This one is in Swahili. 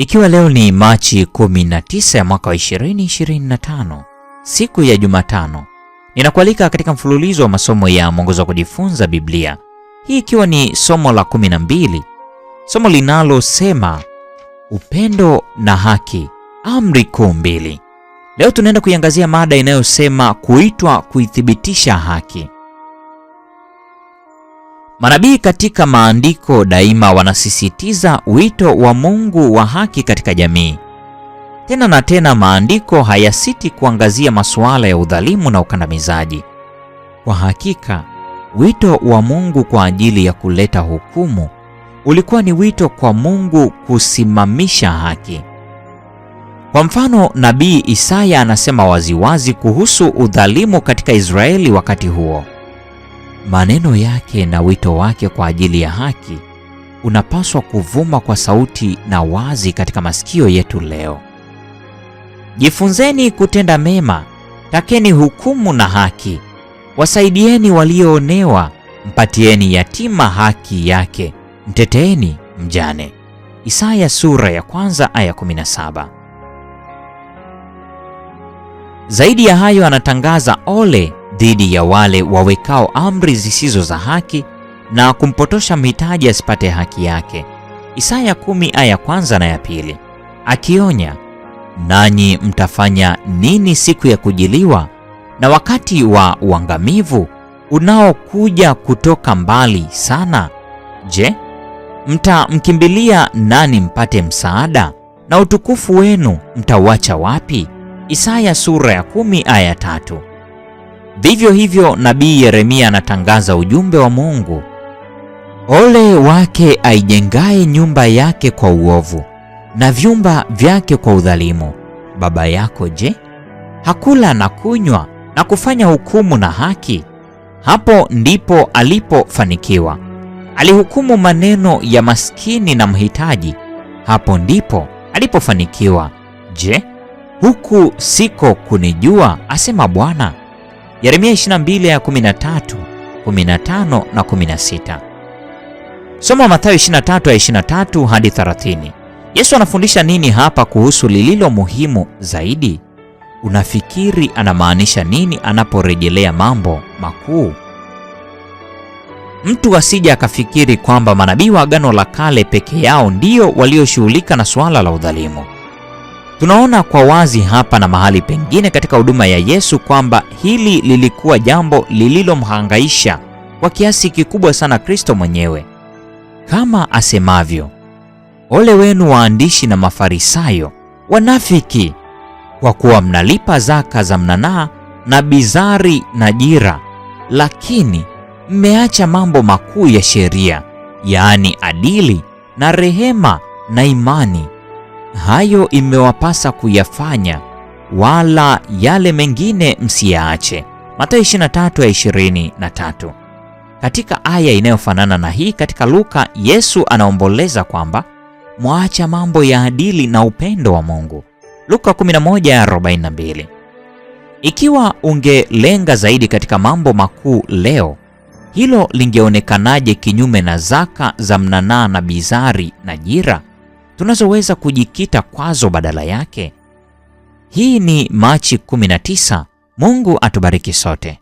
Ikiwa leo ni Machi 19 ya mwaka wa 2025, siku ya Jumatano, ninakualika katika mfululizo wa masomo ya mwongozo wa kujifunza Biblia, hii ikiwa ni somo la 12, somo linalosema upendo na haki, amri kuu mbili. Leo tunaenda kuiangazia mada inayosema kuitwa kuithibitisha haki. Manabii katika maandiko daima wanasisitiza wito wa Mungu wa haki katika jamii. Tena na tena maandiko hayasiti kuangazia masuala ya udhalimu na ukandamizaji. Kwa hakika, wito wa Mungu kwa ajili ya kuleta hukumu ulikuwa ni wito kwa Mungu kusimamisha haki. Kwa mfano, nabii Isaya anasema waziwazi kuhusu udhalimu katika Israeli wakati huo. Maneno yake na wito wake kwa ajili ya haki unapaswa kuvuma kwa sauti na wazi katika masikio yetu leo. Jifunzeni kutenda mema, takeni hukumu na haki, wasaidieni walioonewa, mpatieni yatima haki yake, mteteeni mjane. Isaya sura ya kwanza aya 17. Zaidi ya hayo anatangaza ole dhidi ya wale wawekao amri zisizo za haki na kumpotosha mhitaji asipate haki yake. Isaya kumi aya ya kwanza na ya pili, akionya nanyi mtafanya nini siku ya kujiliwa na wakati wa uangamivu unaokuja kutoka mbali sana? Je, mtamkimbilia nani mpate msaada, na utukufu wenu mtauacha wapi? Isaya sura ya kumi aya tatu. Vivyo hivyo nabii Yeremia anatangaza ujumbe wa Mungu: ole wake aijengaye nyumba yake kwa uovu na vyumba vyake kwa udhalimu. Baba yako je, hakula na kunywa na kufanya hukumu na haki? Hapo ndipo alipofanikiwa. Alihukumu maneno ya maskini na mhitaji, hapo ndipo alipofanikiwa. Je, huku siko kunijua? asema Bwana. Yeremia 22:13, 15 na 16. Soma Mathayo 23:23 hadi 30. Yesu anafundisha nini hapa kuhusu lililo muhimu zaidi? Unafikiri anamaanisha nini anaporejelea mambo makuu? Mtu asije akafikiri kwamba manabii wa Agano la Kale peke yao ndio walioshughulika na suala la udhalimu. Tunaona kwa wazi hapa na mahali pengine katika huduma ya Yesu kwamba hili lilikuwa jambo lililomhangaisha kwa kiasi kikubwa sana Kristo mwenyewe, kama asemavyo, ole wenu waandishi na Mafarisayo wanafiki, kwa kuwa mnalipa zaka za mnanaa na bizari na jira, lakini mmeacha mambo makuu ya sheria, yaani adili na rehema na imani hayo imewapasa kuyafanya, wala yale mengine msiyaache. Mathayo 23:23. Katika aya inayofanana na hii katika Luka, Yesu anaomboleza kwamba mwaacha mambo ya adili na upendo wa Mungu. Luka 11:42. Ikiwa ungelenga zaidi katika mambo makuu leo, hilo lingeonekanaje kinyume na zaka za mnanaa na bizari na jira? tunazoweza kujikita kwazo badala yake. Hii ni Machi 19. Mungu atubariki sote.